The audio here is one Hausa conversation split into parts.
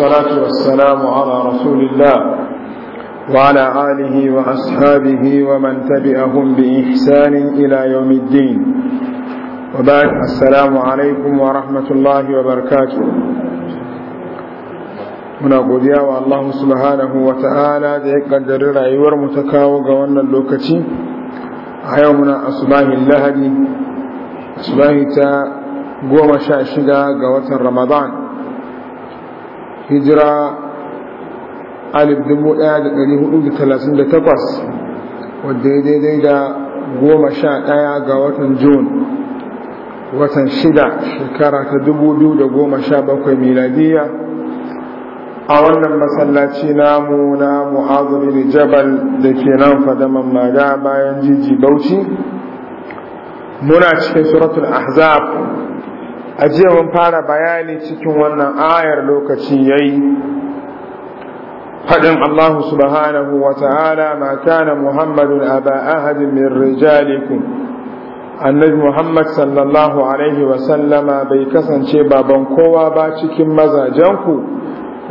والصلاة والسلام على رسول الله وعلى آله وأصحابه ومن تبعهم بإحسان إلى يوم الدين وبعد السلام عليكم ورحمة الله وبركاته muna godiya wa Allah subhanahu wa ta'ala da ya kaddari rayuwar mu ta kawo ga wannan lokaci a yau muna asubahin lahadi asubahi ta goma sha shida ga watan ramadan hijira 1438 wadda ya daidai da goma sha ɗaya ga watan Jun, watan shida shekara ta dubu da goma sha bakwai miladiya a wannan masallaci namu na mu'azuri jabal da ke nan fadaman maga bayan jiji bauchi muna cikin suratul ahzab a jiya mun fara bayani cikin wannan ayar lokaci yayi فدم الله سبحانه وتعالى ما كان محمد أبا أحد من رجالكم النبي محمد صلى الله عليه وسلم بيكسن شبا بنكوا باتشكم مزاجنكو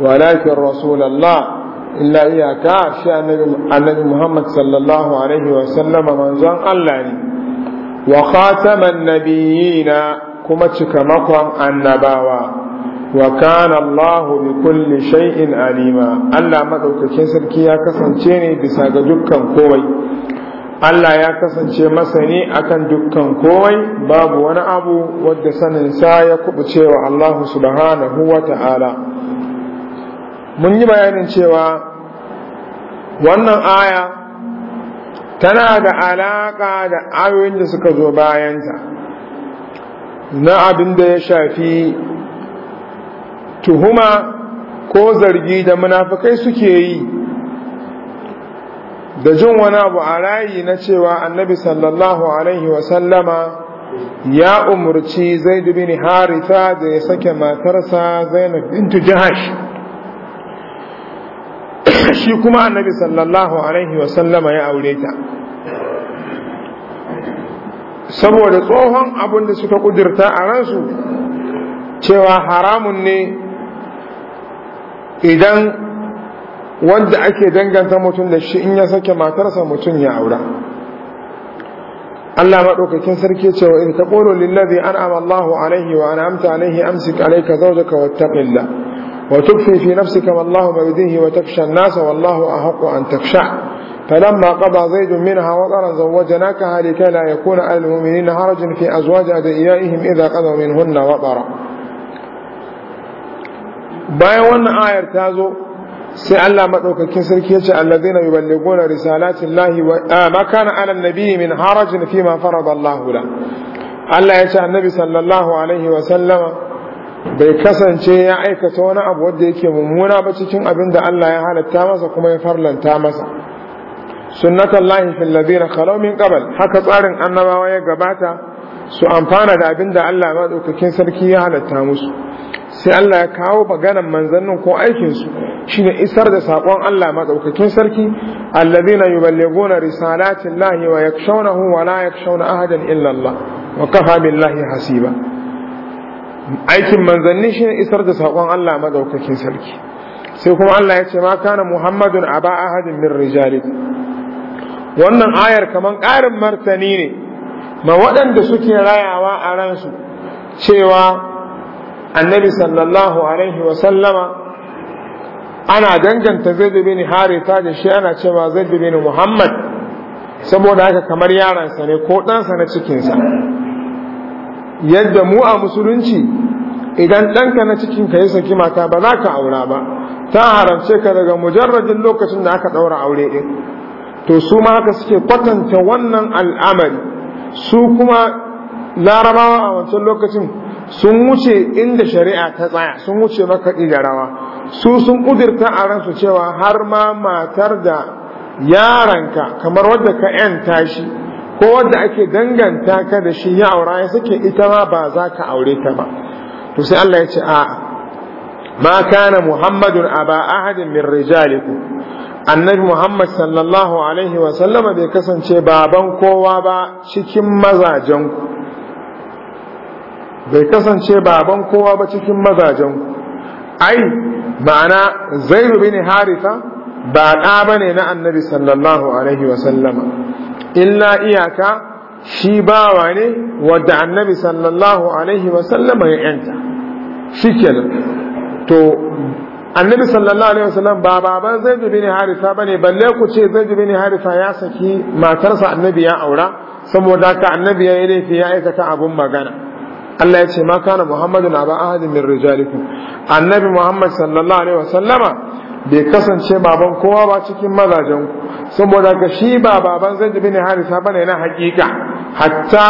ولكن رسول الله إلا إياكا النبي محمد صلى الله عليه وسلم من زن الله وخاتم النبيين kuma cika makon annabawa wa kana Allahu bi kulli shay'in alima Allah madaukakin sarki ya kasance ne bisa ga dukkan kowai Allah ya kasance masani akan dukkan kowai babu wani abu wadda sa ya kubuce wa Allah subhanahu wa ta'ala. Mun yi bayanin cewa wannan aya tana da alaƙa da ayoyin da suka zo bayanta, na abin da ya shafi tuhuma ko zargi da munafikai suke yi da jin wani abu a rayi na cewa annabi sallallahu alaihi wasallama ya umarci zai ni harita da ya sake matarsa zainab bintu jihash shi kuma annabi sallallahu alaihi wasallama ya aure ta saboda tsohon abin da suka kudirta a ransu cewa haramun ne idan wanda ake danganta mutum da shi in ya sake matarsa mutum ya aura Allah maɗaukakin sarki cewa in ta ƙoro lillazi an amallahu alaihi wa an amta alaihi amsik alaika zaujaka wa taɓilla wa tukfi fi nafsika wallahu mabdihi wa tafshan nasa wallahu a haƙo an taksha فلما قضى زيد منها وطرا زوجناكها لكي لا يكون على المؤمنين هرج في أزواج أدئيائهم إذا قضوا منهن وطرا بايوان آير تازو سأل الله مدعوك كسر الذين يبلغون رسالات الله و... آه ما كان على النبي من هرج فيما فرض الله له الله يشاء النبي صلى الله عليه وسلم bai kasance ya aikata wani abu wanda yake mummuna ba cikin abin da Allah ya halatta masa kuma ya farlanta masa sunnatullahi fil ladina khalaw min qabl haka tsarin annabawa ya gabata su amfana da abin da Allah madaukakin sarki ya halatta musu sai Allah ya kawo maganan manzannin ko aikin su shine isar da sakon Allah madaukakin sarki alladina yuballighuna risalatin lahi wa yakshawnahu wa la yakshawna ahadan illa Allah wa kafa billahi hasiba aikin manzanni shine isar da sakon Allah madaukakin sarki sai kuma Allah ya ce ma kana muhammadun aba ahadin min rijalikum wannan ayar kamar ƙarin martani ne ma waɗanda suke rayawa a ransu cewa annabi sallallahu alaihi wasallama ana danganta zai bin harita da shi ana cewa zai bin muhammad saboda haka kamar yaransa ne ko ɗansa na cikinsa yadda mu a musulunci idan ɗanka na cikin ka yi saki mata ba za ka aura ba ta haramce ka daga mujarradin lokacin da aka ɗaura aure ɗin to su ma haka suke kwatanta wannan al'amari su kuma larabawa a wancan lokacin sun wuce inda shari'a ta tsaya sun wuce makaɗi da rawa su sun ƙudurta a ransu cewa har ma matar da yaranka kamar wadda ka ƴan tashi, ko wadda ake danganta ka da shi ya aura ya suke ita ma ba za ka aure ta ba to sai Allah ya ce a'a ma kana muhammadun aba ahadin min rijalikum annabi Muhammad sallallahu Alaihi wasallama bai kasance baban kowa ba cikin mazajen bai kasance baban kowa ba cikin mazajenku, ai, ma'ana rubi bin harifa ba ɗa ba ne na annabi sallallahu Alaihi wasallama, illa iyaka shi bawa ne wadda annabi sallallahu Alaihi wasallama ya ‘yanta, shi to annabi sallallahu alaihi wasallam ba baban zaid bin harisa bane balle ku ce zaid bin harisa ya saki matarsa annabi ya aura saboda ka annabi ya yi laifi ya aikata abun magana Allah ya ce ma kana Muhammadun aba ahadin min rijalikum annabi Muhammad sallallahu alaihi wasallama bai kasance baban kowa ba cikin mazajen ku saboda ka shi ba baban zaid bin harisa bane na hakika hatta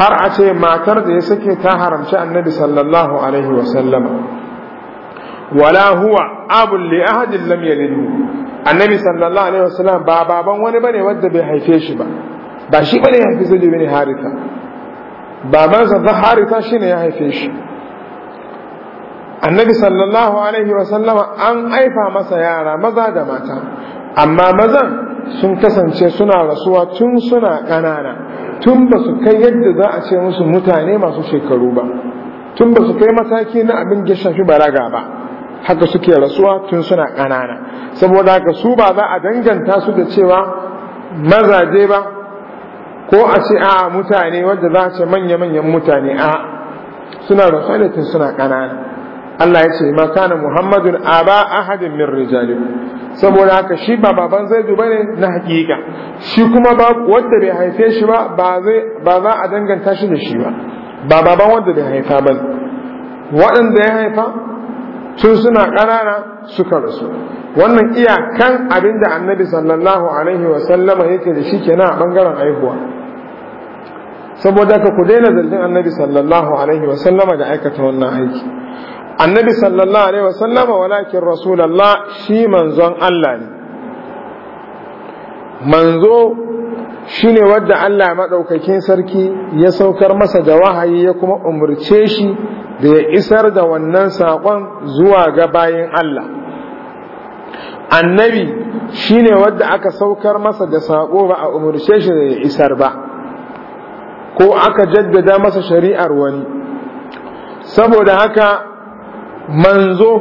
har a ce matar da ya sake ta haramci annabi sallallahu alaihi wasallama wala huwa abun li ahadin lam yalidu annabi sallallahu alaihi wasallam ba baban wani bane wanda bai haife shi ba ba shi bane ya haife zai bin harita babansa ta harita shine ya haife shi annabi sallallahu alaihi wasallama an aifa masa yara maza da mata amma mazan sun kasance suna rasuwa tun suna ƙanana tun ba su kai yadda za a ce musu mutane masu shekaru ba tun ba su kai mataki na abin ya shafi balaga ba haka suke rasuwa tun suna ƙanana saboda haka su ba za a danganta su da cewa mazaje ba ko a ce a mutane wadda za a ce manya-manyan mutane a suna rasuwa da tun suna ƙanana Allah ya ce ma kana Muhammadun aba ahadin min rijalikum saboda haka shi ba baban zai duba ne na hakika shi kuma ba wanda bai haife shi ba ba zai ba za a danganta shi da shi ba ba baban wanda bai haifa ba waɗanda ya haifa tun suna ƙanana suka rasu wannan iyakan abin da annabi sallallahu alaihi wasallama yake da shi kenan a ɓangaren aihuwa saboda ka ku daina zargin annabi sallallahu alaihi wasallama da aikata wannan aiki annabi sallallahu alaihi wasallama walakin rasulallah shi manzon Allah ne manzo Shi ne wadda Allah maɗaukakin sarki ya saukar masa da wahayi ya kuma umarce shi da ya isar da wannan saƙon zuwa ga bayan Allah annabi shi ne wadda aka saukar masa da saƙo ba a umarce shi da ya isar ba ko aka jaddada masa shari'ar wani saboda haka manzo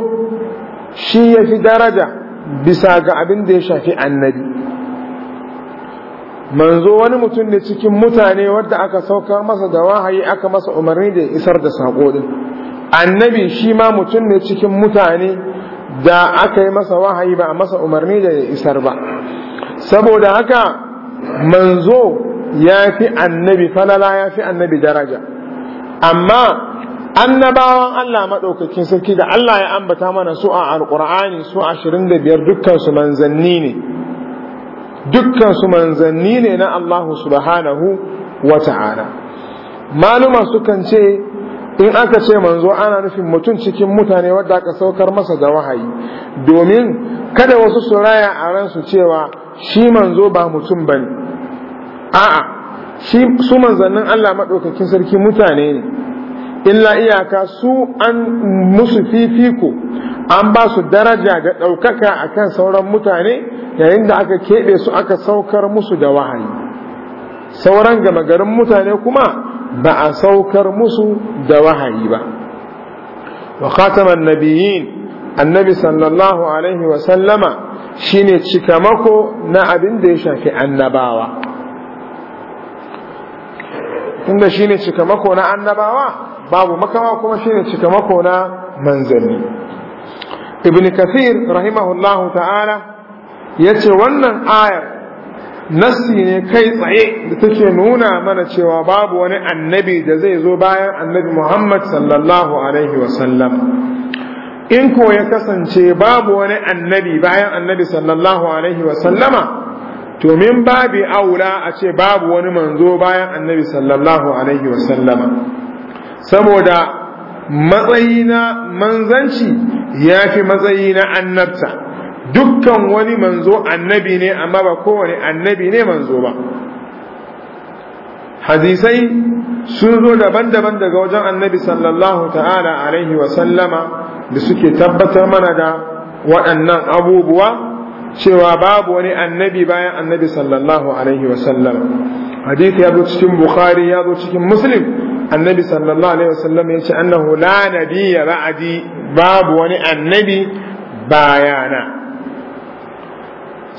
shi ya fi daraja bisa ga abin da ya shafi annabi manzo wani mutum ne cikin mutane wadda aka saukar masa da wahayi aka masa umarni da isar da sako din annabi shi ma mutum ne cikin mutane da aka yi masa wahayi ba a masa umarni da ya isar ba saboda haka manzo ya fi annabi falala ya fi annabi daraja amma annabawan Allah maɗaukakin sarki da Allah ya ambata mana su a alƙur'ani su ashirin da biyar dukkansu manzanni ne Dukkansu su manzanni ne na Allah subhanahu wa ta'ala maluma sukan ce in aka ce manzo ana nufin mutum cikin mutane wadda aka saukar masa da wahayi domin kada wasu su raya a ransu cewa shi manzo ba mutum bane a'a shi su manzannin Allah madaukakin sarki mutane ne illa iyaka su an musu fifiko an ba su daraja da ɗaukaka akan sauran mutane yayin da aka keɓe su aka saukar musu da wahayi sauran gama garin mutane kuma ba a saukar musu da wahayi ba wa khataman nabiyyin annabi sallallahu alaihi wa sallama shine cikamako na abin da ya shafi annabawa tunda shine cikamako na annabawa babu makama kuma shine cikamako na manzanni ibn kathir rahimahullahu ta'ala yace wannan ayar nassi ne kai tsaye da take nuna mana cewa babu wani annabi da zai zo bayan annabi Muhammad sallallahu alaihi wasallam in ko ya kasance babu wani annabi bayan annabi sallallahu alaihi wasallama to min babi aula a ce babu wani manzo bayan annabi sallallahu alaihi wasallama saboda matsayi na manzanci ya fi matsayi na annabta dukkan wani manzo annabi ne amma ba kowane annabi ne manzo ba hadisai sun zo daban-daban daga wajen annabi sallallahu ta'ala alaihi wasallama da suke tabbatar mana da waɗannan abubuwa cewa babu wani annabi bayan annabi sallallahu alaihi wasallam hadith ya zo cikin bukhari ya zo cikin muslim annabi sallallahu alaihi wasallam ya ce annahu la nabiyya ba'di babu wani annabi bayana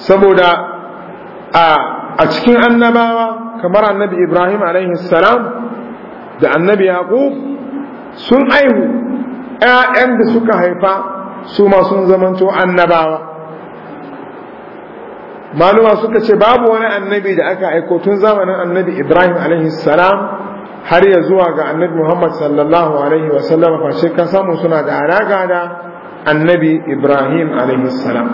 saboda a cikin annabawa kamar annabi Ibrahim alaihi salam da annabi Yaqub sun aihu ‘ya'yan da suka haifa su ma sun zamanto annabawa maluma suka ce babu wani annabi da aka aiko tun zamanin annabi Ibrahim alaihi salam har ya zuwa ga annabi Muhammad sallallahu alaihi wa sallam fa shi ka samu suna da alaka da annabi Ibrahim alaihi salam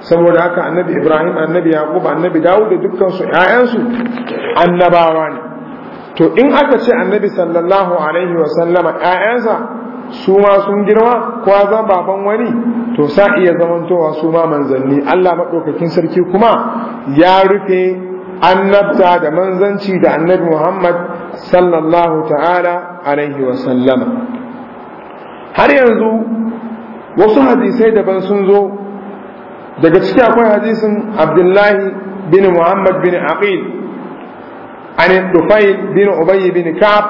saboda haka annabi Ibrahim annabi Yaqub annabi Dawud da dukkan su su annabawa ne to in aka ce annabi sallallahu alaihi wa sallama ƴaƴansa su ma sun girma ko za baban wani to sa iya zamantowa su ma manzanni Allah madaukakin sarki kuma ya rufe annabta da manzanci da annabi Muhammad sallallahu ta'ala alaihi wa sallama har yanzu wasu hadisai daban sun zo daga ciki akwai hadisin abdullahi bin muhammad bin aqil an tufail bin ubayy bin ka'ab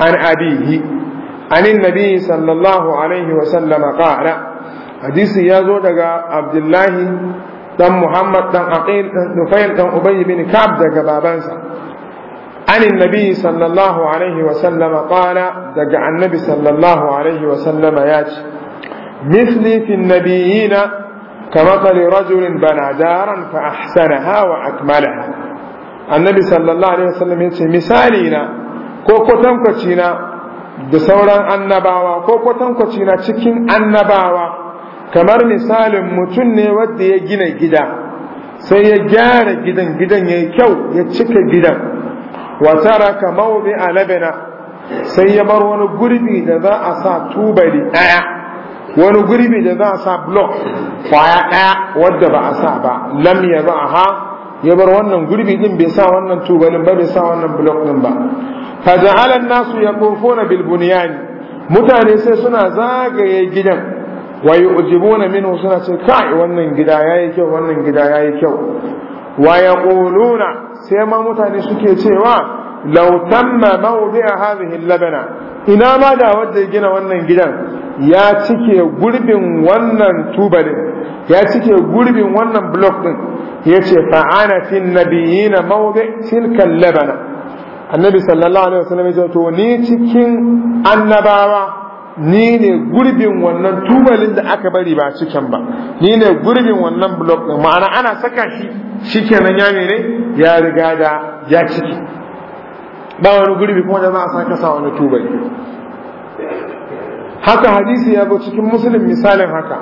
an abihi an nabi sallallahu alaihi wa sallama qala hadisi ya zo daga abdullahi dan muhammad dan aqil dan tufail dan ubayy bin ka'ab daga babansa عن النبي صلى الله عليه وسلم قال دقع النبي صلى الله عليه وسلم ياج مثلي في النبيين كمثل رجل بنى دارا فأحسنها وأكملها النبي صلى الله عليه وسلم يقول مثالينا كوكو تنكتشينا da sauran annabawa ko kwatankwaci na cikin annabawa kamar misalin mutum ne wadda ya gina gida sai ya gyara gidan gidan ya yi kyau ya cika gidan wa taraka mawdi'a labana sai ya bar wani gurbi da za a sa tubali daya wani gurbi da za a sa block kwaya ɗaya wadda ba a sa ba lam yadaha ya bar wannan gurbi din bai sa wannan tubalin ba bai sa wannan block din ba fa ja'ala an-nasu yaqufuna bil bunyan mutane sai suna zagaye gidan wa yu'jibuna minhu suna ce kai wannan gida yayi kyau wannan gida yayi kyau wa yaquluna sai ma mutane suke cewa lautan tamma mawdi'a hadhihi labana ina ma da wanda ya gina wannan gidan ya cike gurbin wannan tubalin ya cike gurbin wannan block din ya ce tin nabiyina mawdi' tilka al-labana annabi sallallahu alaihi wasallam ya ce to ni cikin annabawa ni ne gurbin wannan tubalin da aka bari ba cikin ba ni ne gurbin wannan blok din ma'ana ana saka shi kenan ya ne, ya riga da ya ciki ba wani gurbi kuma da za a saka sa wani tubali haka hadisi ya zo cikin musulun misalin haka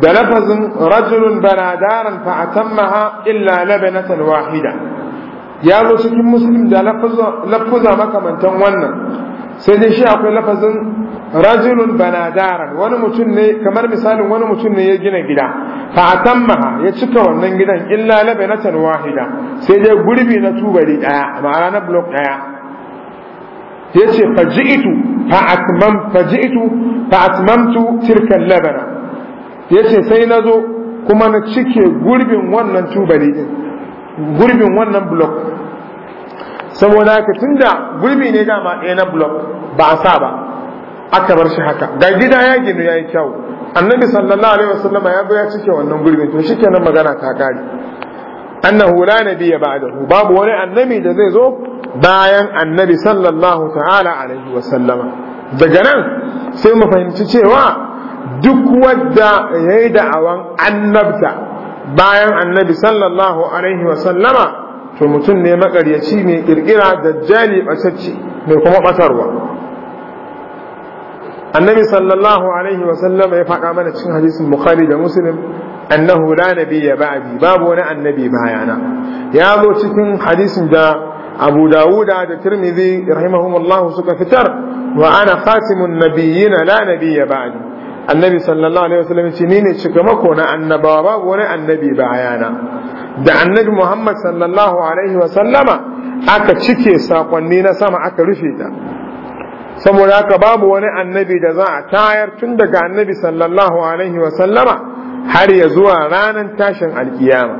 da lafazin rajulun banadaran fa atammaha illa labanatan wahida ya zo cikin musulun da lafuza makamantan wannan sai dai shi akwai lafazin rajulun banadaran wani mutum ne kamar misalin wani mutum ne ya gina gida fa ya cika wannan gidan illa labanatan wahida sai dai gurbi na tubari daya ma'ana na block daya yace faji'tu fa atmam faji'tu fa atmamtu tilka labana yace sai nazo kuma na cike gurbin wannan tubari gurbin wannan block saboda haka tunda gurbi ne dama a na block ba a sa ba aka bar shi haka ga gida ya ginu ya yi kyau annabi sallallahu alaihi wasallama ya zo ya cike wannan gurbin to shi kenan magana ta kare annahu la nabiyya ba'dahu babu wani annabi da zai zo bayan annabi sallallahu ta'ala alaihi wasallama daga nan sai mu fahimci cewa duk wanda yayi da'awan annabta bayan annabi sallallahu alaihi wasallama to mutum ne makaryaci mai kirkira dajjali bacacci mai kuma batarwa annabi sallallahu alaihi wa sallam ya faɗa mana cikin hadisin bukhari da muslim annahu la nabiyya ba'di babu wani annabi bayana ya zo cikin hadisin da abu dawuda da tirmidhi rahimahumullahu suka fitar wa ana khatimun nabiyyina la nabiyya ba'di annabi sallallahu alaihi wasallam ce ni ne cikamako na annabawa babu wani annabi bayana da annabi muhammad sallallahu alaihi wasallama aka cike sakonni na sama aka rufe ta saboda haka babu wani annabi da za a tayar tun daga annabi sallallahu alaihi wasallama har ya zuwa ranar tashin alkiyama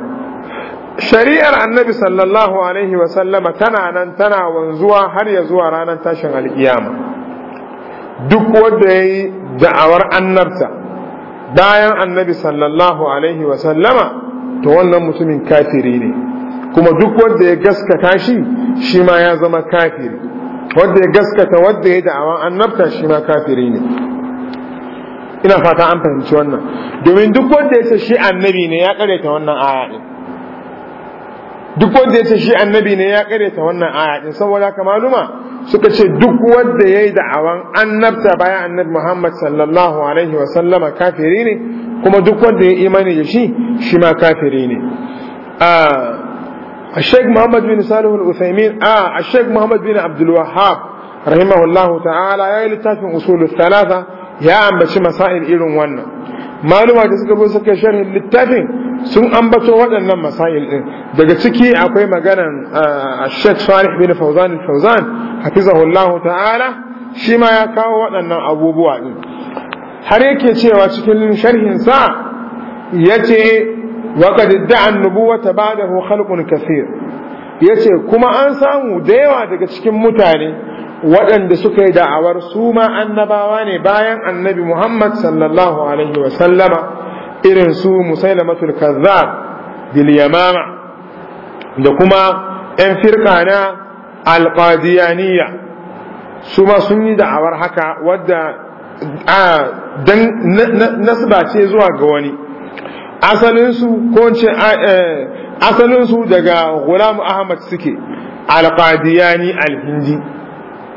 shari'ar annabi sallallahu alaihi wasallama tana nan tana wanzuwa har ya zuwa ranar tashin alkiyama duk wanda ya yi da'awar annabta bayan annabi sallallahu alaihi wasallama to wannan mutumin kafiri ne kuma duk wanda ya gaskata shi shi ma ya zama kafiri wanda ya gaskata wanda ya da'awan annabta shi ma kafiri ne ina fata an fahimci wannan domin duk wanda ya ce shi annabi ne ya karyata wannan aya din duk wanda ya ce shi annabi ne ya karyata wannan aya din saboda haka maluma suka ce duk wanda yayi da'awan annabta bayan annabi Muhammad sallallahu alaihi wa sallama kafiri ne kuma duk wanda ya imani da shi shi ma kafiri ne a Sheikh Muhammad bin Salihu al-Uthaymeen a Sheikh Muhammad bin Abdul Wahhab rahimahullahu ta'ala yayi littafin usulul talata, ya ambaci masail irin wannan maluma da suka bi suka shan littafin sun ambato waɗannan masail ɗin. daga ciki akwai maganan ah, Sheikh Salih bin Fawzan al-Fawzan hafizahullah ta'ala shi ma ya kawo waɗannan abubuwa ɗin har yake cewa cikin sharhin sa yace wata ادعى النبوة بعده kafir. Ya yace kuma an samu da yawa daga cikin mutane waɗanda suka yi da'awar su ma annabawa ne bayan annabi Muhammad sallallahu alaihi wa sallama irin su musailamatul kazzab bil yamama da kuma ‘yan firka na alƙadiyaniya su ma sun yi da'awar haka wadda a dan nasba ce zuwa ga wani asalinsu ko ce eh, asalinsu daga Gulam ahmad suke alƙadiyani alhindi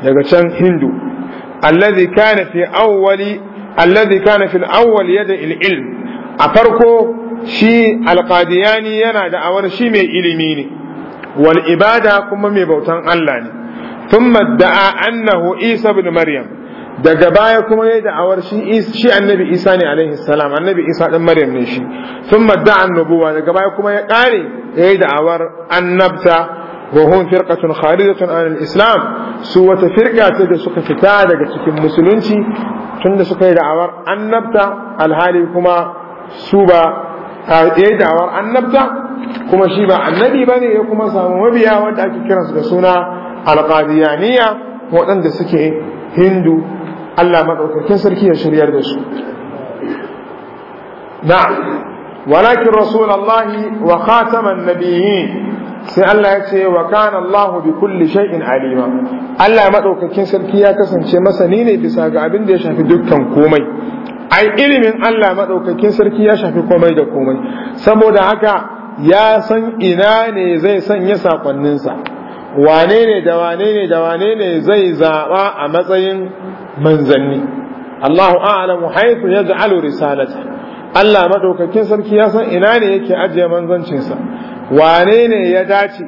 daga can hindu allazi kana fi awwali allazi kana fi awwal yada ilm a farko shi alqadiyani yana da awar shi mai ilimi ne wal ibada kuma mai bautan Allah ne thumma da'a annahu isa ibn maryam daga baya kuma yayi da'awar shi shi annabi isa ne alaihi salam annabi isa dan maryam ne shi thumma da'a daga baya kuma ya kare yayi da'awar annabta wa hum firqatun kharidatun anil islam su wata firqa ce da suka fita daga cikin musulunci tunda suka yi da'awar annabta alhali kuma su ba yayi da'awar annabta kuma shi ba annabi bane ya kuma samu mabiya wanda ake kiransu da suna alqadiyaniya waɗanda suke hindu Allah madaukakin sarki ya shiryar da su na'am walakin rasulullahi wa khataman nabiyyin sai Allah ya ce wa kana Allah bi kulli shay'in alima Allah madaukakin sarki ya kasance masani ne bisa ga abin da ya shafi dukkan komai ai ilimin Allah madaukakin sarki ya shafi komai da komai saboda haka ya san ina ne zai sanya sakonninsa wane ne da wane ne da wane ne zai zaba a matsayin manzanni Allahu a'lamu haythu yaj'alu risalata Allah madaukakin sarki ya san ina ne yake ajiye manzancinsa wane ne ya dace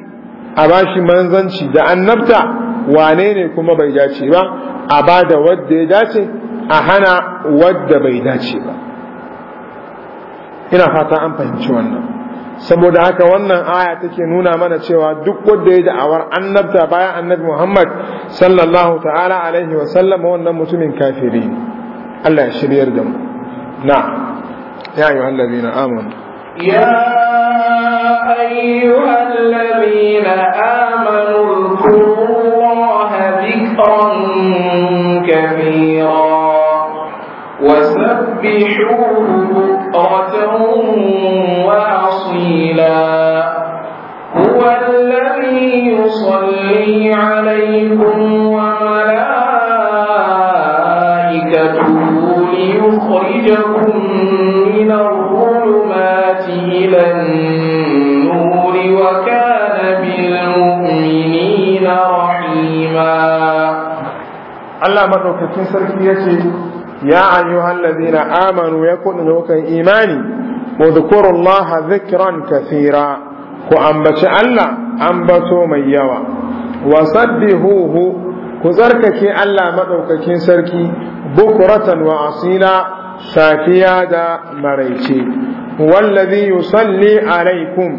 a bashi manzanci da annabta wane ne kuma bai dace ba a ba da wadda ya dace a hana wadda bai dace ba ina fata an fahimci wannan saboda haka wannan aya take nuna mana cewa duk wadda ya da'awar annabta bayan annabi Muhammad sallallahu ta'ala alaihi wa sallam wannan mutumin kafiri Allah ya shiryar da mu na ya ayyuhallazina amanu يا أيها الذين آمنوا اذكروا الله ذكرا كبيرا وسبحوه بكرة وأصيلا هو الذي يصلي عليكم وملائكته ليخرجكم من الرحمن Allah maɗaukakin sarki ce ya ayyuhal na amanu ya yakun nukan imani wa dhkurullaha dhikran ku ambaci Allah ambato mai yawa wa sabbihuhu ku tsarkake Allah madaukakin sarki bukuratan wa asila safiya da maraice wallazi yusalli alaikum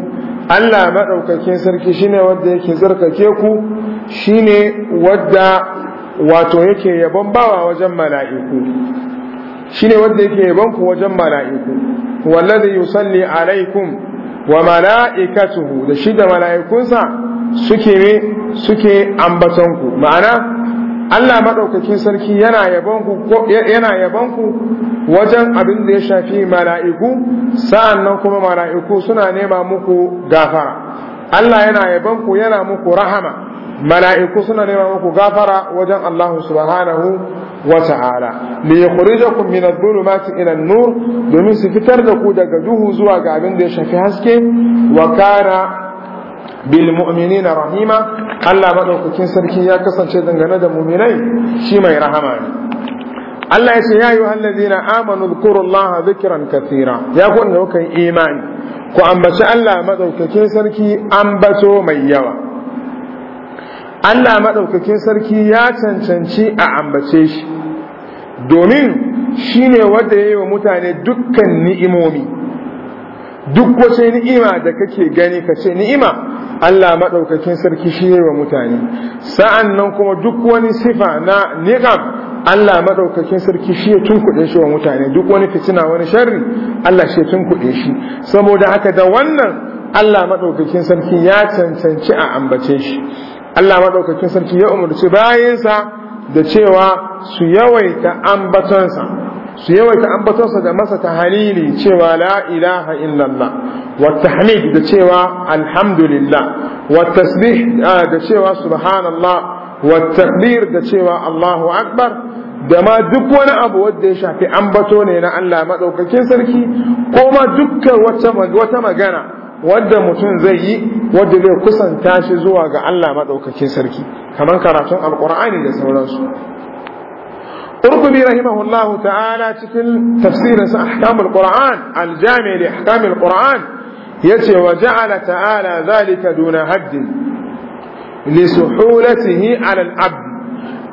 Allah maɗaukakin sarki shine wanda yake tsarkake ku shine wadda wato yake yabon bawa wajen mala'iku Shi ne wanda yake yabon ku wajen mala'iku wallazi yusalli alaikum wa mala'ikatuhu da shi da mala'ikunsa suke ne suke ambatonku ma'ana Allah maɗaukakin sarki yana yabon ku wajen abin da ya shafi mala'iku sa'an nan kuma mala'iku suna nema muku gafara Allah yana yaban ku yana muku rahama mala'iku suna nema muku gafara wajen Allah subhanahu wa ta'ala li yukhrijakum min adh-dhulumati ila an-nur domin su fitar da ku daga duhu zuwa ga abin da ya shafi haske wa kana bil mu'minina rahima Allah madaukakin sarki ya kasance dangane da mu'minai shi mai rahama ne Allah ya ce ya yi wa amanu dhkurullaha dhikran kathira ya ku da imani ku ambaci Allah madaukakin sarki ambato mai yawa Allah madaukakin sarki ya cancanci a ambace shi domin shine wanda ya yi wa mutane dukkan ni'imomi duk wace ni'ima da kake gani kace ni'ima Allah maɗaukakin sarki shi ne wa mutane sa'an nan kuma duk wani sifa na ni'am Allah madaukakin sarki shi ya tunkuɗe shi wa mutane duk wani fitina wani sharri Allah shi ya tunkuɗe shi saboda haka da wannan Allah madaukakin sarki ya cancanci a ambace shi Allah madaukakin sarki ya umarci bayansa da cewa su yawaita ambatonsa su yawaita ambatonsa da masa tahalili cewa la ilaha illallah wa tahmid da cewa alhamdulillah wa tasbih ah, da cewa subhanallah wa takbir da cewa Allahu akbar da ma duk wani abu wadda ya shafi ambato ne na Allah madaukakin sarki ko ma dukkan wata magana wadda mutum zai yi wadda zai kusanta shi zuwa ga Allah madaukakin sarki kamar karatun Alƙur'ani da sauransu Qurtubi rahimahullah ta'ala cikin tafsirin sa ahkamul qur'an al-jami' li ahkamil qur'an yace wa ja'ala ta'ala zalika duna haddin li suhulatihi 'ala al-'abd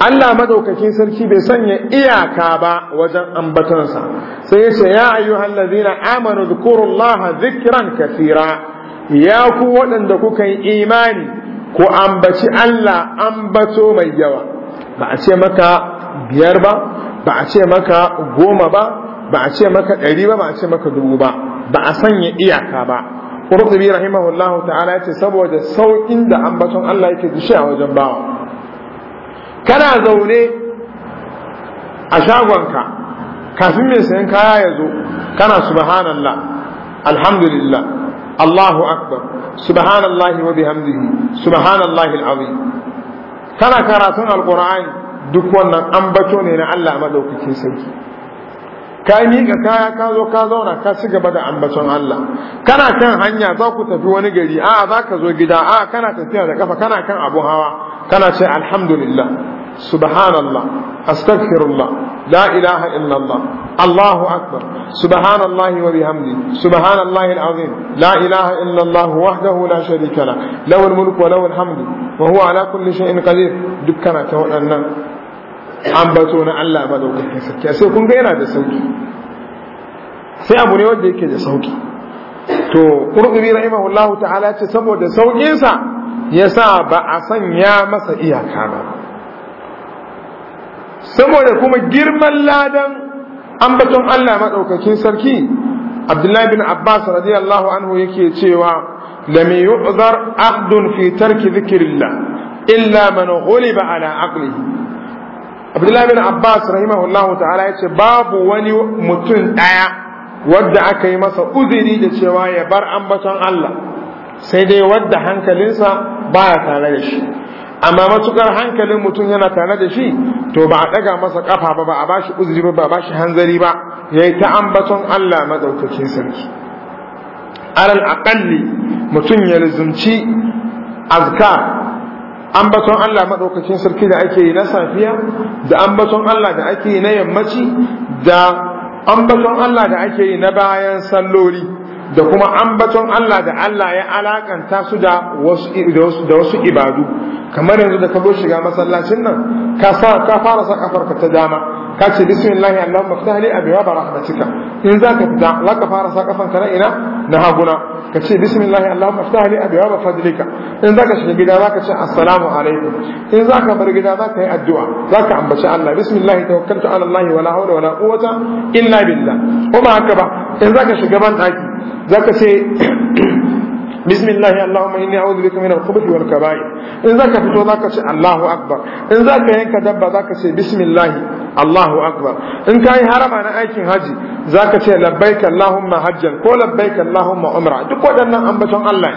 Allah madaukakin sarki bai sanya iyaka ba wajen ambatonsa sai yace ya ayu ladina amanu dhkurullaha dhikran kathira ya ku waɗanda kuka yi imani ku ambaci Allah ambato mai yawa ba a ce maka biyar ba ba a ce maka goma ba ba a ce maka ɗari ba ba a ce maka dubu ba ba a sanya iyaka ba Qurtubi rahimahullahu ta'ala yace saboda saukin da ambaton Allah yake dushe a wajen bawa kana zaune a shagonka kafin mai sayan kaya ya zo kana subhanallah alhamdulillah Allahu akbar subhanallah wa bihamdihi subhanallah alazim kana karatun alqur'ani duk wannan ambato ne na Allah madaukakin sarki ka miƙa kaya ka zo ka zauna ka ci gaba da ambaton Allah kana kan hanya za ku tafi wani gari a za ka zo gida a kana tafiya da kafa kana kan abu hawa kana ce alhamdulillah subhanallah astaghfirullah la ilaha illallah allahu akbar subhanallahi wa bihamdi subhanallahi alazim la ilaha illallah wahdahu la sharika la lahu almulku wa lahu alhamdu wa huwa ala kulli shay'in qadir duk kana ta waɗannan ambato na Allah madaukakin sarki sai kun ga yana da sauki sai abu ne wanda yake da sauki to qurbi rahimahullahu ta'ala ce saboda ya sa yasa ba a sanya masa iyaka ba saboda kuma girman ladan ambaton Allah maɗaukakin sarki Abdullahi bin Abbas radiyallahu anhu yake cewa lam yu'zar ahdun fi tarki dhikrillah illa man ghuliba ala aqlihi abdullahi bin abbas rahimahullahu ta'ala yace babu wani mutum daya wadda aka yi masa uzuri da cewa ya bar ambaton Allah sai dai wadda hankalinsa baya tare da shi amma matukar hankalin mutum yana tare da shi to ba a daga masa kafa ba ba a bashi uzuri ba ba a bashi hanzari ba yayi ta ambaton Allah madaukakin sarki alal aqalli mutum ya luzumci azkar ambaton Allah madaukakin sarki da ake yi na safiya da ambaton Allah da ake yi na yammaci da ambaton Allah da ake yi na bayan sallori, da kuma ambaton Allah da Allah ya alakanta su da wasu da wasu ibadu kamar yanzu da ka zo shiga masallacin nan ka fara saƙafarka farka ta dama ka ce bismillahi allahumma ftah li abwaab rahmatika in zaka fita zaka fara sa kafan na ina na haguna ka ce bismillahi allahumma ftah li abwaab fadlika in za ka shiga gida za ka ce assalamu alaikum in za ka bar gida za ka yi addu'a za ka ambaci Allah bismillahi tawakkaltu ala allah wala hawla wala quwwata illa billah ko ba haka ba in za ka shiga ban daki ka ce bismillah allahumma inni a'udhu bika min al-khubuthi wal kaba'ir in zaka fito zaka ce Allahu akbar in zaka yanka dabba zaka ce bismillah Allahu akbar in kai harama na aikin haji zaka ce labbaik allahumma hajjan ko labbaik allahumma umra duk waɗannan ambaton Allah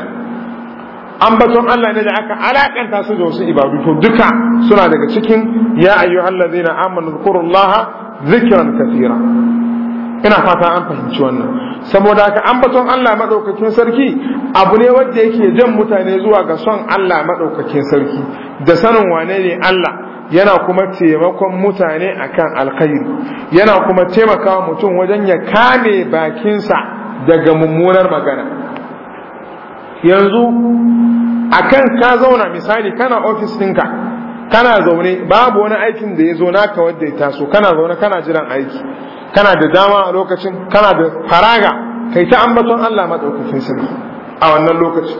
ambaton Allah ne da aka alakanta su da wasu ibadu to duka suna daga cikin ya ayyuhallazina amanu zkurullaha zikran kathira ina fata an fahimci wannan saboda haka baton Allah madaukakin sarki abu ne wanda yake jan mutane zuwa ga son Allah madaukakin sarki da sanin wane ne Allah yana kuma taimakon mutane akan alkhairi yana kuma taimakawa mutum wajen ya kame bakinsa daga mummunar magana yanzu akan ka zauna misali kana ofis ɗinka kana zaune babu wani aikin da ya zo naka wanda ya taso kana zaune kana jiran aiki kana da dama a lokacin kana da faraga kai ta ambaton Allah madaukakin sarki a wannan lokacin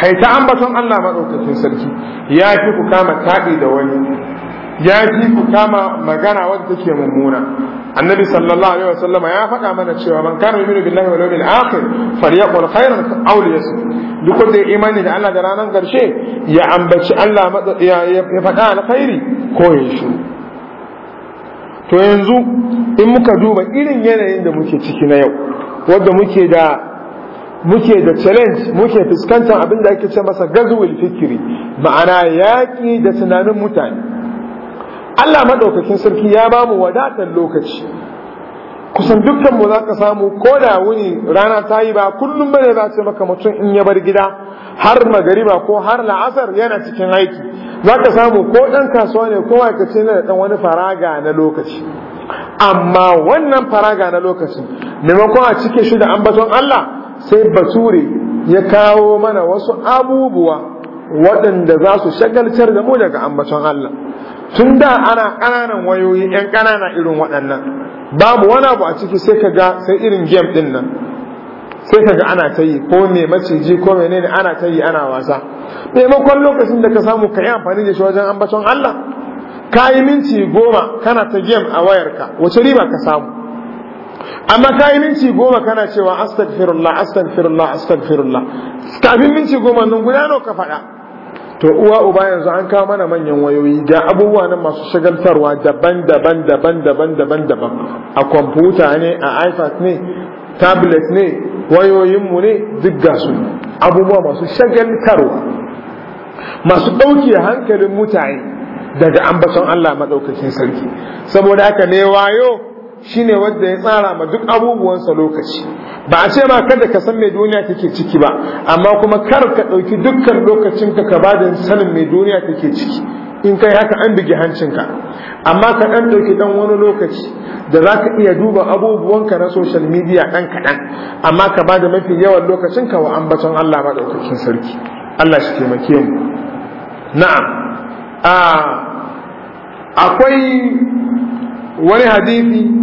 kai ta ambaton Allah madaukakin sarki ya fi ku kama taɗi da wani ya fi ku kama magana wadda take mummuna annabi sallallahu alaihi wasallama ya faɗa mana cewa man kana yu'minu billahi wal yawmil akhir falyaqul khairan aw liyasmut duk wanda ya imani da Allah da ranar karshe ya ambaci Allah ya faɗa alkhairi ko ya shiru to yanzu in muka duba irin yanayin da muke ciki na yau wadda muke da muke da challenge muke fuskantar abin da ake cewa masa gazuwil fikiri ma'ana yaƙi da tunanin mutane Allah maɗaukakin sarki ya ba mu wadatar lokaci kusan dukkan mu za ka samu ko da wuni rana ta yi ba kullum bane za ce maka mutum in ya bar gida har magariba ko har la'asar yana cikin aiki Za ka samu ko ɗan kasuwa ne ko aikace ne da ɗan wani faraga na lokaci amma wannan faraga na lokaci maimakon a cike shi da ambaton Allah sai bature ya kawo mana wasu abubuwa waɗanda za su shagaltar da mu daga ambaton Allah tun da ana ƙananan wayoyi ‘yan ƙanana irin waɗannan babu wani abu a ciki sai ka ga sai irin game ɗin nan sai ka ga ana ta yi ko mai maciji ko mai nene ana ta yi ana wasa maimakon lokacin da ka samu ka yi amfani da shi wajen ambaton Allah ka yi minti goma kana ta game a wayarka wace riba ka samu amma ka yi minti goma kana cewa astagfirullah astagfirullah astagfirullah kafin minti goma nan guda ka faɗa to uwa uba yanzu an kawo mana manyan wayoyi ga abubuwa nan masu shagaltarwa daban-daban daban-daban daban-daban a kwamfuta ne a ipad ne tablet ne wayoyinmu ne duk gasu abubuwa masu shagaltarwa masu ɗauke hankalin mutane daga ambaton Allah maɗaukakin sarki saboda haka ne wayo shine wanda ya tsara ma duk abubuwansa lokaci ba a ce ma kada ka san mai duniya take ciki ba amma kuma kar ka ɗauki dukkan lokacin ka ka bada sanin mai duniya take ciki in kai haka an hancin hancinka amma ka ɗan ɗauki ɗan wani lokaci da za ka iya duba abubuwanka na social media ɗan kaɗan amma ka bada mafi yawan lokacin ka wa ambaton Allah maɗaukakin sarki Allah shi taimake mu na'am ah, akwai wani hadisi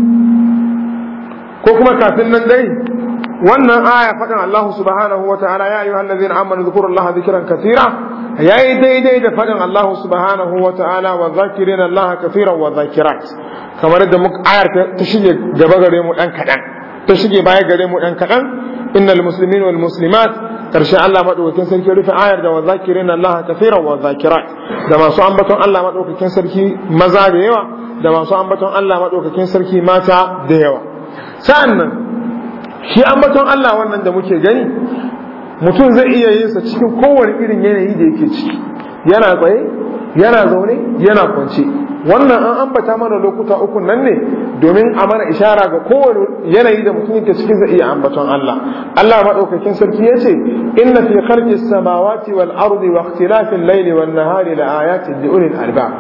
ko kuma kafin nan dai wannan aya faɗin Allah subhanahu wa ta'ala ya ayyuhal ladzina amanu dhkurullaha dhikran ya yi daidai da faɗin Allah subhanahu wa ta'ala wa dhakirina Allah kathiran wa dhakirat kamar yadda muka ayar ta shige gaba gare mu dan kaɗan, ta shige baya gare mu dan kadan innal muslimin wal muslimat karshe Allah madaukakin sarki rufe ayar da wa zakirina Allah kafiran wa zakirat da masu ambaton Allah madaukakin sarki maza da yawa da masu ambaton Allah madaukakin sarki mata da yawa sa'an nan shi ambaton Allah wannan da muke gani mutum zai iya yin sa cikin kowane irin yanayi da yake ciki yana tsaye yana zaune yana kwance wannan an ambata mana lokuta uku nan ne domin a mana ishara ga kowane yanayi da mutum yake cikin zai iya ambaton Allah Allah madaukakin sarki yace inna fi khalqi samawati wal ardi wa ikhtilafi al-layli wan nahari la ayatin li ulil albab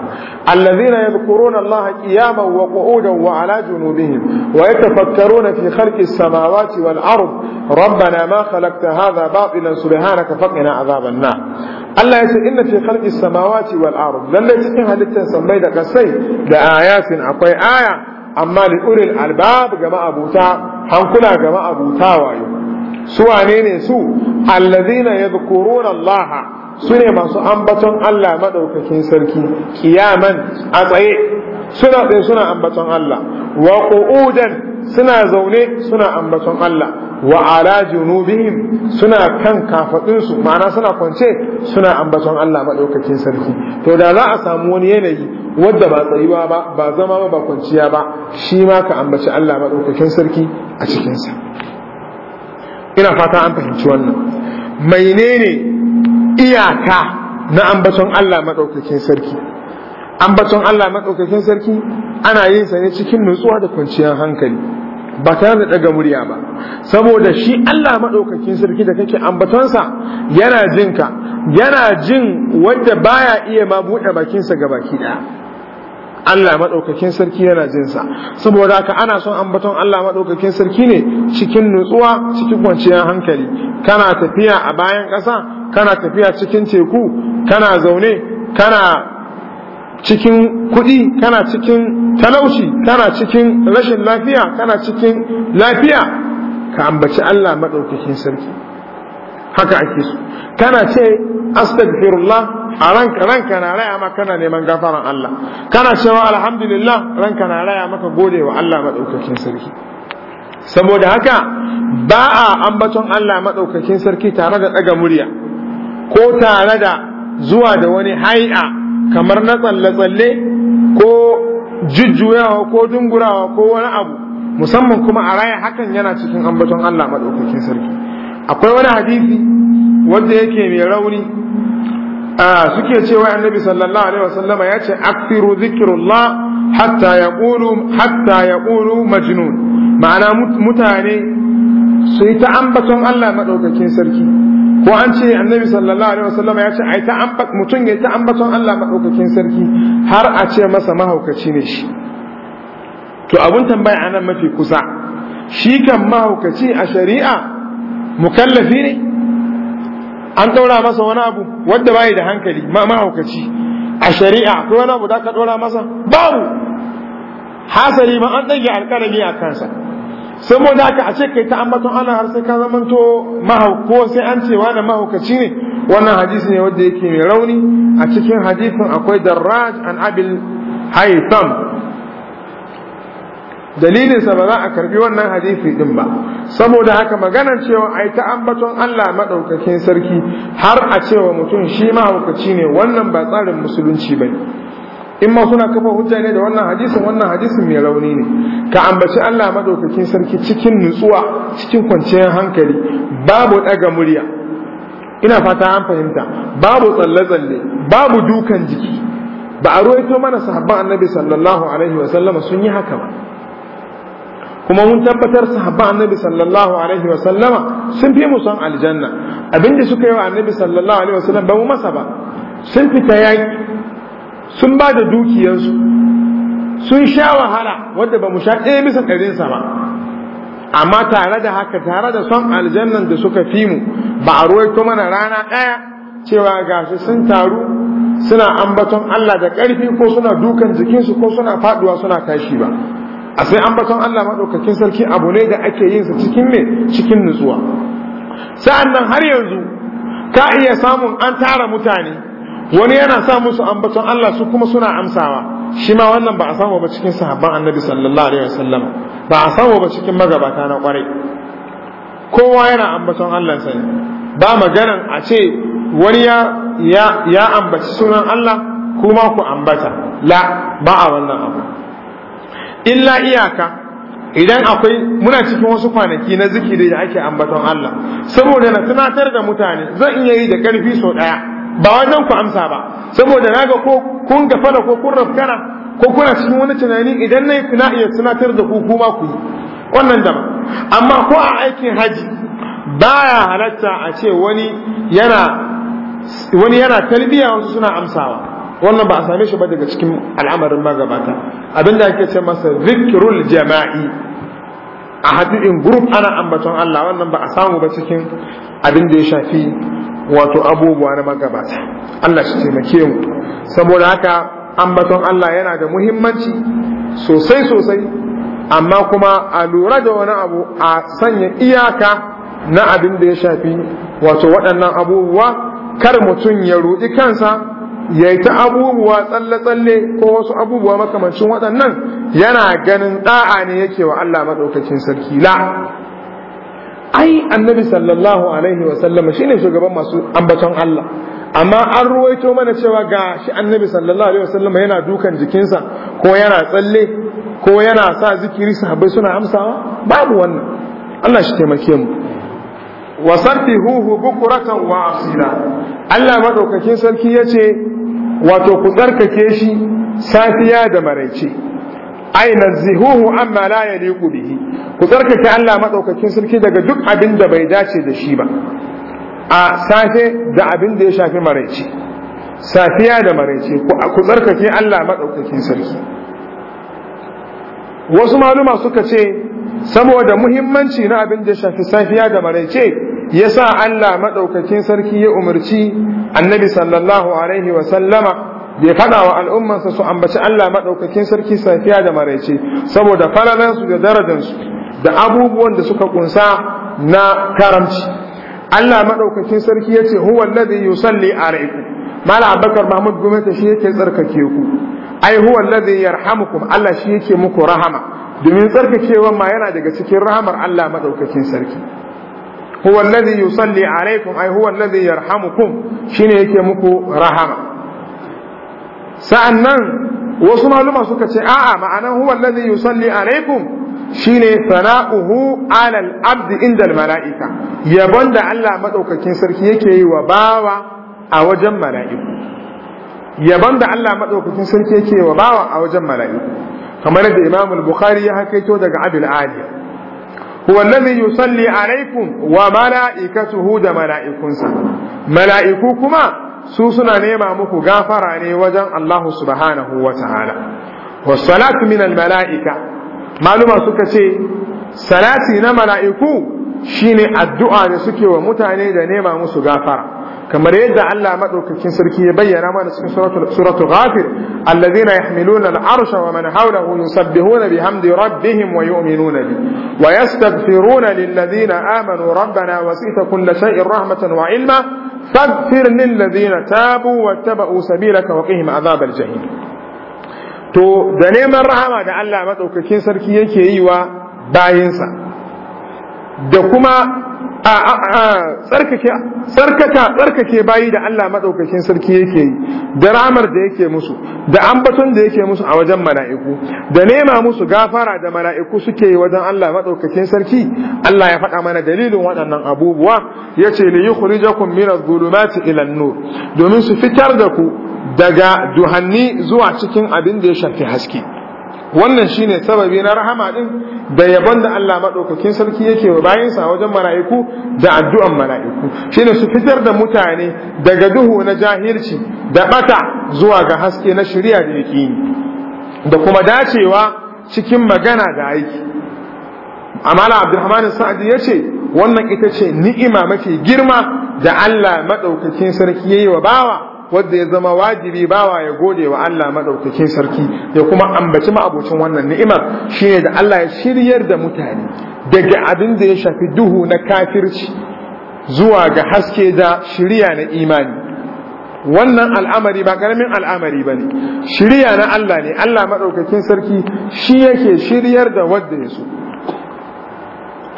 alladhina yadhkuruna Allah qiyaman wa qu'udan wa ala junubihim wa yatafakkaruna fi khalqi samawati wal ard rabbana ma khalaqta hadha batilan subhanaka faqina adhaban nar Allah yace inna fi khalqi samawati wal ard lalle cikin halittar mai da kasai da ayatin akwai aya amma li ulil albab a buta hankula a buta wayo su wane ne su alladhina yadhkuruna allaha sune masu ambaton Allah madaukakin sarki kiyaman a tsaye suna tsaye suna ambaton Allah wa qu'udan suna zaune suna ambaton Allah wa ala junubihim suna kan kafadun su ma'ana suna kwance suna ambaton Allah madaukakin sarki to da za a samu wani yanayi wanda ba tsayuwa ba ba zama ba ba kwanciya ba shi ma ka ambaci Allah madaukakin sarki a cikin sa ina fata an fahimci wannan menene iyaka na ambaton Allah madaukakin sarki ambaton Allah madaukakin sarki ana yin sa ne cikin nutsuwa da kwanciyar hankali ba tare da daga murya ba saboda shi Allah madaukakin sarki da kake ambatonsa yana jin ka yana jin wanda baya iya ma bude bakinsa ga baki da Allah madaukakin sarki yana jinsa saboda haka ana son ambaton Allah madaukakin sarki ne cikin nutsuwa cikin kwanciyar hankali kana tafiya a bayan ƙasa kana tafiya cikin teku kana zaune kana cikin kuɗi kana cikin talauci kana cikin rashin lafiya kana cikin lafiya ka ambaci Allah maɗaukakin sarki haka ake so kana ce astaghfirullah a ranka ranka na raya maka kana neman gafaran Allah kana cewa alhamdulillah ranka na raya maka gode wa Allah maɗaukakin sarki saboda haka ba a ambaton Allah maɗaukakin sarki tare da ɗaga murya ko tare da zuwa da wani hai'a kamar na tsalle-tsalle ko jujjuyawa ko dungurawa ko wani abu musamman kuma a raya hakan yana cikin ambaton Allah maɗaukakin sarki akwai wani hadisi wanda yake mai rauni suke cewa annabi sallallahu alaihi wasallama ya ce aktiru zikrullah hatta ya hatta yaqulu majnun ma'ana mutane su yi ta ambaton Allah maɗaukakin sarki ko an ce annabi sallallahu alaihi wasallam ya ce ai ta ambat mutun ya ta ambaton Allah madaukakin sarki har a ce masa mahaukaci ne shi to abun tambaya anan mafi kusa shi kan mahaukaci a shari'a mukallafi ne an daura masa wani abu wanda bai da hankali ma mahaukaci a shari'a ko wani abu da ka daura masa babu hasali ma an dage alƙalami a kansa saboda haka a ce kai ta ambaton Allah har sai ka zamanto mahau ko sai an ce wani mahaukaci ne wannan hadisi ne wanda yake mai rauni a cikin hadisin akwai darraj an abil haitham dalilin sa ba za a karbi wannan hadisi din ba saboda haka maganar cewa ai ta ambaton Allah madaukakin sarki har a cewa mutum shi mahaukaci ne wannan ba tsarin musulunci bane in ma suna kafa hujja ne da wannan hadisin wannan hadisin mai rauni ne ka ambaci Allah madaukakin sarki cikin nutsuwa cikin kwanciyar hankali babu ɗaga murya ina fata an fahimta babu tsalle tsalle babu dukan jiki ba a ruwaito mana sahabban annabi sallallahu alaihi wa sallama sun yi haka ba kuma mun tabbatar sahabban annabi sallallahu alaihi wa sallama sun fi mu son aljanna abinda suka yi wa annabi sallallahu alaihi wa sallam ba mu masa ba sun fita yaki sun ba da dukiyarsu sun sha wahala wadda ba mu sha ɗaya bisa ɗarinsa ba amma tare da haka tare da son aljannan da suka fi mu ba a ruwaito mana rana ɗaya cewa ga gashi sun taru suna ambaton Allah da ƙarfi ko suna dukan jikinsu ko suna faduwa suna tashi ba a sai ambaton Allah maɗaukakin sarki abu ne da ake yin su cikin me cikin nutsuwa sa'an nan har yanzu ka iya samun an tara mutane wani yana sa musu ambaton Allah su kuma suna amsawa shi ma wannan ba a samu ba cikin sahabban annabi sallallahu alaihi wasallam ba a samu ba cikin magabata na kwarai kowa yana ambaton Allah sai ba maganan a ce wani ya ya ambaci sunan Allah kuma ku ambata la ba a wannan abu illa iyaka idan akwai muna cikin wasu kwanaki na zikiri da ake ambaton Allah saboda na tunatar da mutane zan iya yi da karfi sau daya ba wannan ku amsa ba saboda naga ko kun da ko kun rafkana ko kuna cikin wani tunani idan nayi kuna iya sunatar da ku kuma ku yi wannan amma ko a aikin haji baya halatta a ce wani yana wani yana talbiya wasu suna amsawa wannan ba a same shi ba daga cikin al'amarin magabata abinda ake ce masa zikrul jama'i a haɗu in group ana ambaton Allah wannan ba a samu ba cikin abin da ya shafi wato abubuwa na magabata Allah shi taimake mu saboda haka ambaton Allah yana da muhimmanci sosai sosai amma kuma a lura da wani abu a sanya iyaka na abin da ya shafi wato waɗannan abubuwa kar mutum ya ruɗi kansa ya yi ta abubuwa tsalle-tsalle ko wasu abubuwa makamancin waɗannan yana ganin ɗa'a ne yake wa Allah maɗaukakin sarki la ai annabi sallallahu alaihi wa sallama shine shugaban masu ambaton Allah amma an ruwaito mana cewa ga shi annabi sallallahu alaihi wasallam yana dukan jikinsa ko yana tsalle ko yana sa zikiri sahabbai suna amsawa babu wannan Allah shi taimake mu wa sarfihuhu bukratan wa asila Allah madaukakin sarki yace wato ku tsarkake shi safiya da maraice aina zihuhu amma la yaliqu bihi ku tsarkake Allah madaukakin sarki daga duk abin da bai dace da shi ba a safe da abin da ya shafi maraice safiya da maraice ku tsarkake Allah madaukakin sarki wasu maluma suka ce saboda muhimmanci na abin da ya shafi safiya da maraice Ya yasa Allah madaukakin sarki ya umarci annabi sallallahu alaihi wa sallama bai faɗa wa al'ummarsa su ambaci Allah madaukakin sarki safiya da maraice saboda falalansu da darajansu da abubuwan da suka kunsa na karamci Allah madaukakin sarki yace huwa salli yusalli alaikum mala abakar mahmud gumeta shi yake tsarkake ku ai huwa alladhi yarhamukum Allah shi yake muku rahama domin tsarkakewan ma yana daga cikin rahamar Allah madaukakin sarki huwa alladhi yusalli alaikum ai huwa alladhi yarhamukum shine yake muku rahama sa'annan wasu maluma suka ce a'a ma'anan huwa alladhi yusalli alaikum shine sana'uhu ala al-abd inda malaika yabon da Allah madaukakin sarki yake yi wa bawa a wajen mala'iku yabon da kamar Imam al-Bukhari ya hakaito daga Abul huwa allazi yusalli alaikum wa mala'ikatuhu da mala'ikunsa mala'iku kuma su suna nema muku gafara ne wajen Allah subhanahu wa ta'ala salatu min mala'ika maluma suka ce salati na mala'iku shine addu'a da suke wa mutane da nema musu gafara kamar yadda Allah madaukakin sarki ya bayyana mana cikin suratul suratul ghafir alladhina yahmiluna al'arsha wa man hawlahu yusabbihuna bihamdi rabbihim wa yu'minuna bi wa yastaghfiruna lilladhina amanu rabbana wasita kulla shay'in rahmatan wa ilma faghfir lilladhina tabu wattaba'u sabilaka wa qihim adhabal jahim to da neman rahama da Allah madaukakin sarki yake yi wa bayinsa da kuma tsarkaka tsarkake bayi da Allah maɗaukakin sarki yake yi da ramar da yake musu da ambaton da yake musu a wajen mala'iku da nema musu gafara da mala'iku suke yi wajen Allah maɗaukakin sarki Allah ya faɗa mana dalilin waɗannan abubuwa ya ce li yi khurijakun mina zulumati ilan nur domin su fitar da ku daga duhanni zuwa cikin abin da ya shafi haske wannan shine sababi na rahama ɗin da yabon da Allah maɗaukakin sarki yake wa bayansa wajen mala'iku da addu'an mala'iku shine su fitar da mutane daga duhu na jahilci da ɓata zuwa ga haske na shirya da yi da kuma dacewa cikin magana da aiki amala abdurrahman sa'adi ya ce wannan ita ce ni'ima mafi girma da Allah maɗaukakin sarki yi wa bawa wanda ya zama wajibi bawa ya gode wa Allah madaukakin sarki ya kuma ambaci ma'abocin wannan ni'imar shine da Allah ya shiryar da mutane daga abin da ya shafi duhu na kafirci zuwa ga haske da shiriya na imani wannan al'amari ba karamin al'amari ba ne shiriya na Allah ne Allah maɗaukakin sarki shi yake shiryar da wadda ya so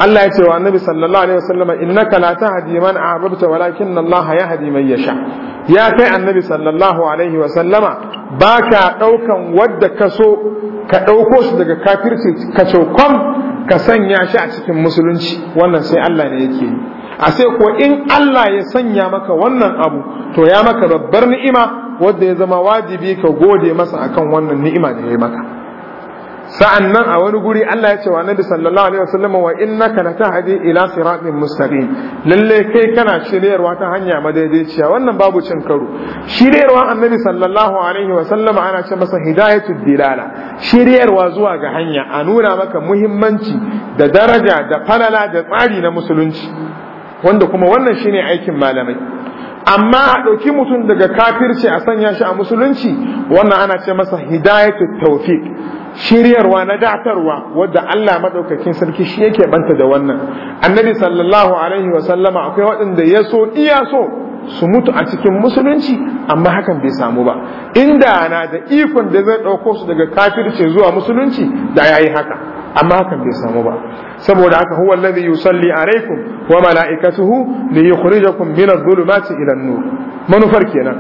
Allah ya ce wa annabi sallallahu alaihi wasallam innaka la tahdi man ahbabta walakin Allah yahdi man yasha ya kai annabi sallallahu alaihi wasallama baka daukan wadda kaso ka dauko shi daga kafirci ka cokon ka sanya shi a cikin musulunci wannan sai Allah ne yake yi a sai ko in Allah ya sanya maka wannan abu to ya maka babbar ni'ima wadda ya zama wajibi ka gode masa akan wannan ni'ima da ya yi maka sa'an nan a wani guri Allah ya ce wa nabi sallallahu alaihi wasallam wa ta latahdi ila siratin mustaqim lalle kai kana shiryarwa ta hanya madaidaiciya wannan babu cin karo shiryarwa annabi sallallahu alaihi wasallam ana ce masa hidayatul dilala shiryarwa zuwa ga hanya a nuna maka muhimmanci da daraja da falala da tsari na musulunci wanda kuma wannan shine aikin malamai amma a ɗauki mutum daga kafirci a sanya shi a musulunci wannan ana ce masa hidayatu tawfiq shiryarwa na datarwa wadda Allah madaukakin sarki shi yake banta da wannan annabi sallallahu alaihi wa sallama akwai waɗanda ya so iya so su mutu a cikin musulunci amma hakan bai samu ba inda na da ikon da zai ɗauko su daga kafirci zuwa musulunci da ya yi haka amma hakan bai samu ba saboda haka huwa alladhi yusalli alaikum wa mala'ikatuhu li yukhrijakum min adh-dhulumati ila an-nur manufar kenan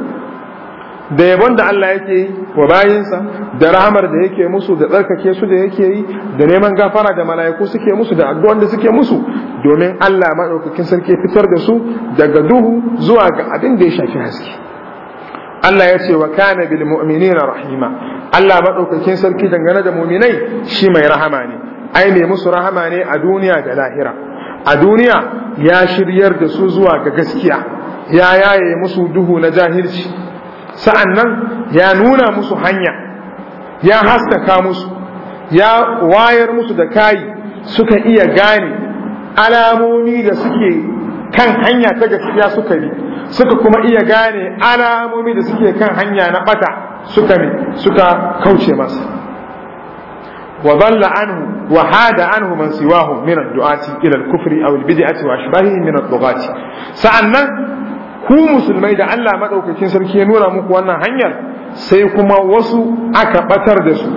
da yabon da Allah yake yi wa bayinsa da rahamar da yake musu da tsarkake su da yake yi da neman gafara da mala'iku suke musu da addu'an da suke musu domin Allah madaukakin sarki fitar da su daga duhu zuwa ga abin da ya shafi haske Allah ya ce wa kana bil mu'minina rahima Allah madaukakin sarki dangane da mu'minai shi mai rahama ne ai mai musu rahama ne a duniya da lahira a duniya ya shiryar da su zuwa ga gaskiya ya yaye musu duhu na jahilci Sa'an nan ya nuna musu hanya ya haskaka musu ya wayar musu da kai suka iya gane alamomi da suke kan hanya ta gaskiya suka bi suka kuma iya gane alamomi da suke kan hanya na bata suka suka kauce masa wa dhalla anhu wa hada anhu man siwahu min ad-du'ati ila al-kufri aw al-bid'ati wa ashbahihi min ad-dughati sa'annan ku musulmai da Allah madaukakin sarki ya nuna muku wannan hanyar sai kuma wasu aka batar da su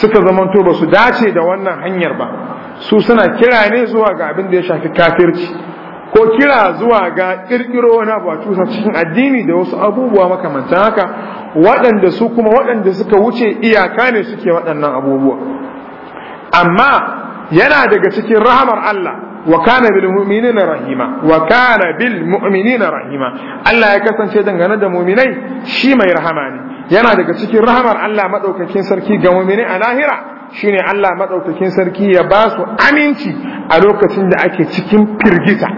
suka zamanto ba su dace da wannan hanyar ba su suna kira ne zuwa ga abin da ya shafi kafirci ko kira zuwa ga kirkiro wani abu a cusa cikin addini da wasu abubuwa makamantan haka waɗanda su kuma waɗanda suka wuce iyaka ne suke waɗannan abubuwa amma yana daga cikin rahamar Allah wa kana bil mu'minina rahima wa kana bil mu'minina rahima Allah ya kasance dangane da mu'minai shi mai rahama ne yana daga cikin rahamar Allah madaukakin sarki ga mu'minai a lahira shine Allah madaukakin sarki ya ba su aminci a lokacin da ake cikin firgita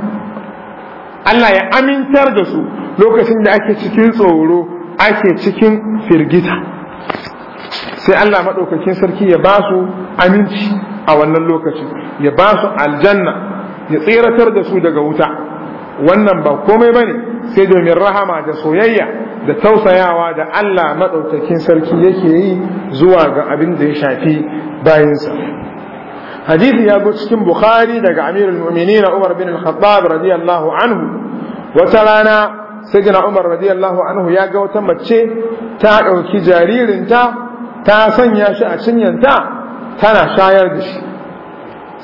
Allah ya amintar da su lokacin da ake cikin tsoro ake cikin firgita sai Allah maɗaukakin sarki ya ba su aminci a wannan lokacin ya ba su aljanna ya tseratar da su daga wuta wannan ba komai ba ne sai domin rahama da soyayya da tausayawa da Allah maɗaukakin sarki yake yi zuwa ga abin da ya shafi bayansa حديث يا ابو سكين بخاري دا امير المؤمنين عمر بن الخطاب رضي الله عنه وتلانا سيدنا عمر رضي الله عنه يا جوتا مچه تا دوكي جاريرنتا تا سانيا شي ا سنينتا تانا شاير دشي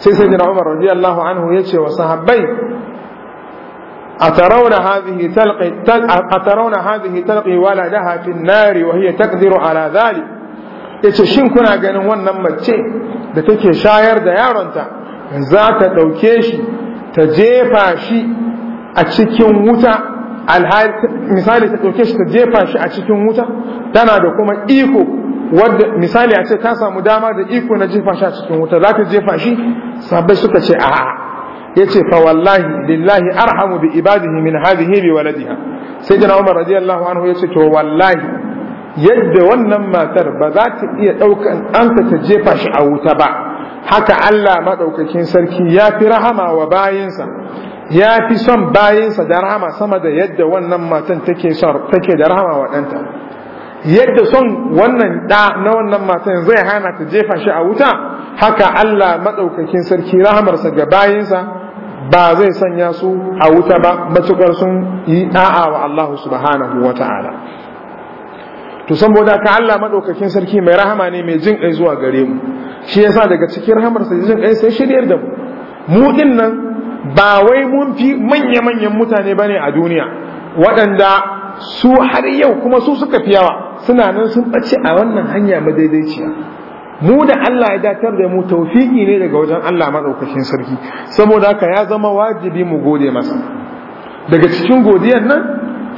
سي سيدنا عمر رضي الله عنه يچه وصحابي اترون هذه تلقي تل اترون هذه تلقي ولدها في النار وهي تقدر على ذلك ya ce shin kuna ganin wannan mace da take shayar da yaronta za ta ɗauke shi ta jefa shi a cikin wuta misali ta ɗauke shi ta jefa shi a cikin wuta tana da kuma iko wadda misali a ce ta samu dama da iko na jefa shi a cikin wuta za ta jefa shi sabai suka ce a'a ya ce fa wallahi lillahi arhamu bi ibadihi min hadhihi bi waladiha sai jana umar radiyallahu anhu ya ce to wallahi yadda wannan matar ba za ta iya ɗaukan ɗanta ta jefa shi a wuta ba haka Allah maɗaukakin sarki ya fi rahama wa bayinsa ya fi son bayinsa da rahama sama da yadda wannan matan take da rahama wa ɗanta yadda son wannan ɗa na wannan matan zai hana ta jefa shi a wuta haka Allah maɗaukakin sarki rahamarsa ga bayinsa ba zai sanya su a wuta ba matuƙar sun yi ɗa'a wa Allah subhanahu wa ta'ala to saboda ka Allah madaukakin sarki mai rahama ne mai jin kai zuwa gare mu shi yasa daga cikin rahamar sa jin kai sai shiryar da mu mu din nan ba wai mun fi manya manyan mutane bane a duniya waɗanda su har yau kuma su suka fi yawa suna nan sun bace a wannan hanya madaidaiciya mu da Allah ya dakar da mu taufiki ne daga wajen Allah maɗaukakin sarki saboda haka ya zama wajibi mu gode masa daga cikin godiyar nan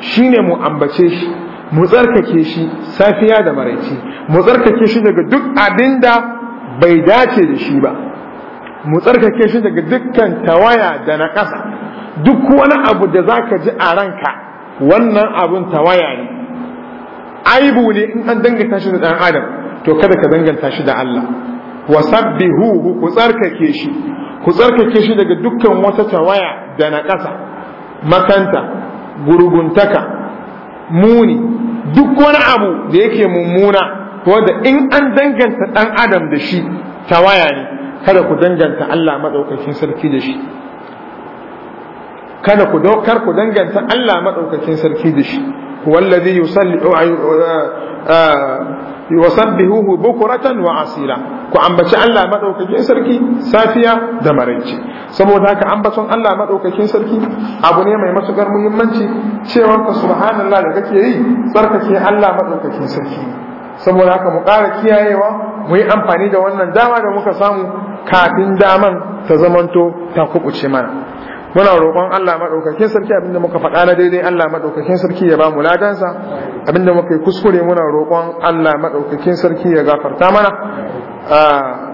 shine mu ambace shi mu tsarkake shi safiya da maraici mu tsarkake shi daga duk abin da bai dace da shi ba mu tsarkake shi daga dukkan tawaya da na ƙasa duk wani abu da za ka ji a ranka wannan abun tawaya ne aibu ne in an danganta shi da ɗan adam to kada ka danganta shi da Allah huhu ku tsarkake shi ku tsarkake shi daga dukkan wata tawaya da na ƙasa makanta gurguntaka muni duk wani abu da yake mummuna wanda in an danganta dan adam da shi tawaya ne kada ku danganta Allah madaukakin sarki da shi kada ku daukar ku danganta Allah madaukakin sarki da shi wallazi yusalli uh, yusabbihuhu bukratan wa asira ku ambaci Allah madaukakin sarki safiya da maraice saboda haka ambaton Allah madaukakin sarki abu ne mai matukar muhimmanci cewa ka subhanallah da kake yi tsarkake Allah madaukakin sarki saboda haka mu ƙara kiyayewa mu yi amfani da wannan dama da muka samu kafin daman ta zamanto ta kubuce mana muna roƙon Allah maɗaukakin sarki abinda muka faɗa na daidai Allah maɗaukakin sarki ya ba mu ladansa abinda muka yi kuskure muna roƙon Allah maɗaukakin sarki ya gafarta mana ah,